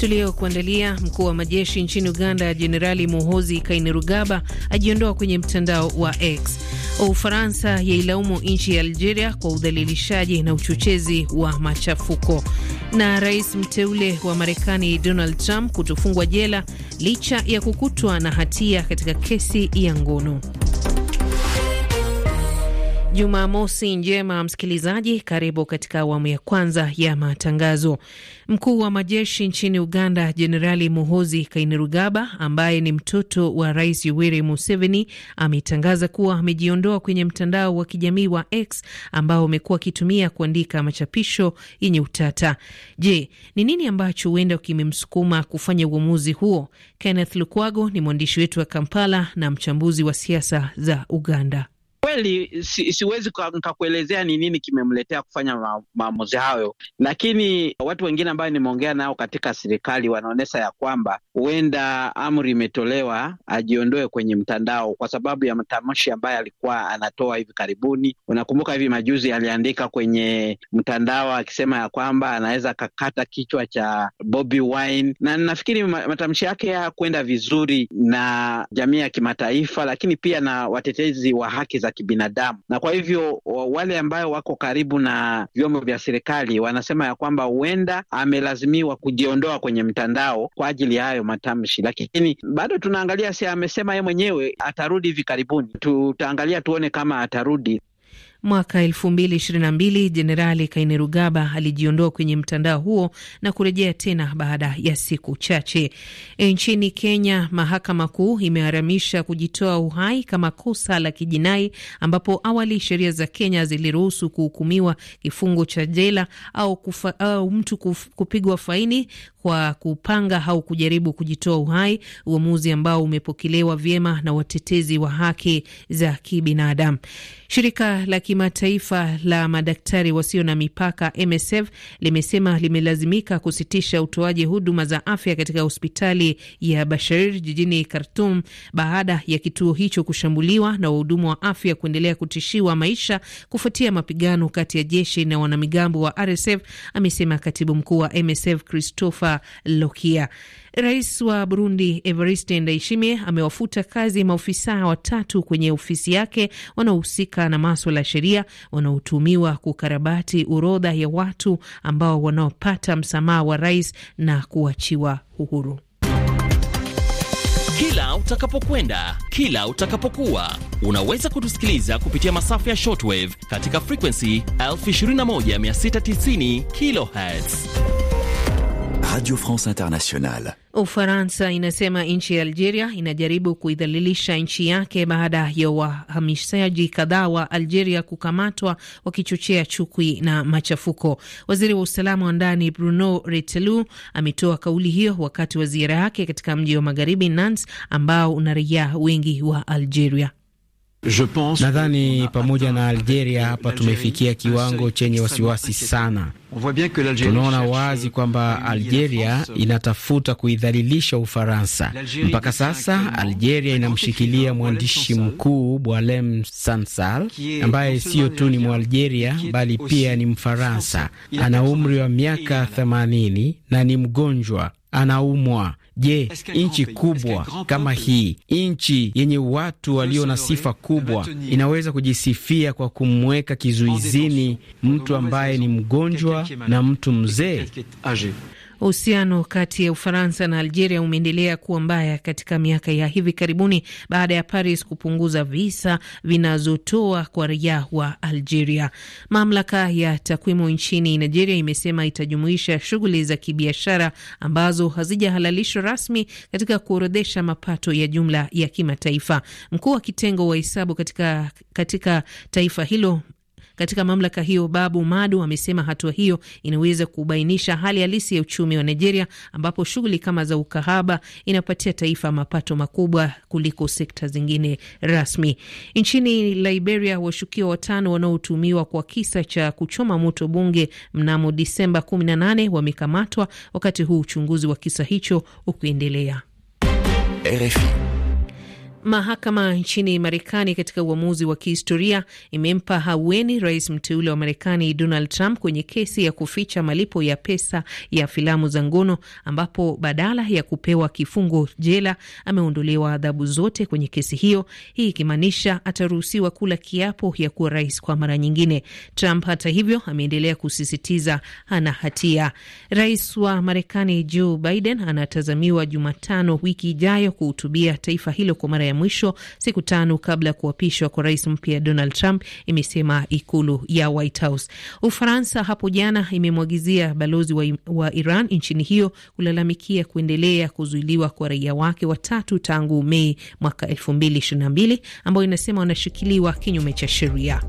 tuliyokuandalia. Mkuu wa majeshi nchini Uganda Jenerali Muhozi Kainerugaba ajiondoa kwenye mtandao wa X. Ufaransa yailaumu nchi ya Algeria kwa udhalilishaji na uchochezi wa machafuko, na rais mteule wa Marekani Donald Trump kutofungwa jela licha ya kukutwa na hatia katika kesi ya ngono. Jumamosi njema msikilizaji, karibu katika awamu ya kwanza ya matangazo. Mkuu wa majeshi nchini Uganda Jenerali Muhozi Kainerugaba, ambaye ni mtoto wa Rais Yoweri Museveni, ametangaza kuwa amejiondoa kwenye mtandao wa kijamii wa X ambao amekuwa akitumia kuandika machapisho yenye utata. Je, ni nini ambacho huenda kimemsukuma kufanya uamuzi huo? Kenneth Lukwago ni mwandishi wetu wa Kampala na mchambuzi wa siasa za Uganda kweli si, siwezi nikakuelezea ni nini kimemletea kufanya ma, maamuzi hayo, lakini watu wengine ambayo nimeongea nao katika serikali wanaonyesha ya kwamba huenda amri imetolewa ajiondoe kwenye mtandao kwa sababu ya matamshi ambayo alikuwa anatoa hivi karibuni. Unakumbuka hivi majuzi aliandika kwenye mtandao akisema ya kwamba anaweza kakata kichwa cha Bobi Wine, na nafikiri matamshi yake kwenda vizuri na jamii ya kimataifa, lakini pia na watetezi wa haki za kibinadamu, na kwa hivyo wale ambayo wako karibu na vyombo vya serikali wanasema ya kwamba huenda amelazimiwa kujiondoa kwenye mtandao kwa ajili ya hayo matamshi, lakini bado tunaangalia, si amesema ye mwenyewe atarudi hivi karibuni. Tutaangalia tuone kama atarudi. Mwaka 2022 Jenerali Kainerugaba alijiondoa kwenye mtandao huo na kurejea tena baada ya siku chache. E, nchini Kenya, mahakama kuu imeharamisha kujitoa uhai kama kosa la kijinai, ambapo awali sheria za Kenya ziliruhusu kuhukumiwa kifungo cha jela au, kufa, au mtu kuf, kupigwa faini kwa kupanga au kujaribu kujitoa uhai, uamuzi ambao umepokelewa vyema na watetezi wa haki za kibinadamu. Shirika la kimataifa la madaktari wasio na mipaka MSF limesema limelazimika kusitisha utoaji huduma za afya katika hospitali ya Bashair jijini khartum baada ya kituo hicho kushambuliwa na wahudumu wa afya kuendelea kutishiwa maisha kufuatia mapigano kati ya jeshi na wanamigambo wa RSF, amesema katibu mkuu wa MSF Christopher Lokia. Rais wa Burundi Evariste Ndayishimiye amewafuta kazi maofisa watatu kwenye ofisi yake wanaohusika na maswala ya sheria wanaotumiwa kukarabati orodha ya watu ambao wanaopata msamaha wa rais na kuachiwa uhuru. Kila utakapokwenda, kila utakapokuwa, unaweza kutusikiliza kupitia masafa ya shortwave katika frequency 21690 kilohertz Radio France Internationale. Ufaransa inasema nchi ya Algeria inajaribu kuidhalilisha nchi yake baada ya wahamishaji kadhaa wa Algeria kukamatwa wakichochea chuki na machafuko. Waziri wa usalama wa ndani Bruno Retelu ametoa kauli hiyo wakati wa ziara yake katika mji wa magharibi Nantes ambao una raia wengi wa Algeria. Nadhani pamoja na Algeria hapa tumefikia kiwango chenye wasiwasi sana. Tunaona wazi kwamba Algeria inatafuta kuidhalilisha Ufaransa. Mpaka sasa Algeria inamshikilia mwandishi mkuu Boualem Sansal ambaye siyo tu ni Mwalgeria bali pia ni Mfaransa. Ana umri wa miaka 80 na ni mgonjwa, anaumwa Je, nchi kubwa kama hii, nchi yenye watu walio na sifa kubwa, inaweza kujisifia kwa kumweka kizuizini mtu ambaye ni mgonjwa na mtu mzee? Uhusiano kati ya Ufaransa na Algeria umeendelea kuwa mbaya katika miaka ya hivi karibuni baada ya Paris kupunguza visa vinazotoa kwa raia wa Algeria. Mamlaka ya takwimu nchini Nigeria imesema itajumuisha shughuli za kibiashara ambazo hazijahalalishwa rasmi katika kuorodhesha mapato ya jumla ya kimataifa. Mkuu wa kitengo wa hesabu katika, katika taifa hilo katika mamlaka hiyo, Babu Madu amesema hatua hiyo inaweza kubainisha hali halisi ya uchumi wa Nigeria, ambapo shughuli kama za ukahaba inapatia taifa mapato makubwa kuliko sekta zingine rasmi. Nchini Liberia, washukiwa watano wanaotumiwa kwa kisa cha kuchoma moto bunge mnamo Disemba 18 wamekamatwa, wakati huu uchunguzi wa kisa hicho ukiendelea. RFI Mahakama nchini Marekani katika uamuzi wa kihistoria imempa haweni rais mteule wa Marekani Donald Trump kwenye kesi ya kuficha malipo ya pesa ya filamu za ngono, ambapo badala ya kupewa kifungo jela ameondolewa adhabu zote kwenye kesi hiyo, hii ikimaanisha ataruhusiwa kula kiapo ya kuwa rais kwa mara nyingine. Trump hata hivyo ameendelea kusisitiza hana hatia. Rais wa Marekani Joe Biden anatazamiwa Jumatano wiki ijayo kuhutubia taifa hilo kwa mara ya mwisho siku tano kabla ya kuapishwa kwa rais mpya Donald Trump, imesema ikulu ya White House. Ufaransa hapo jana imemwagizia balozi wa, wa Iran nchini hiyo kulalamikia kuendelea kuzuiliwa kwa raia wake watatu tangu Mei mwaka 2022 ambayo inasema wanashikiliwa kinyume cha sheria.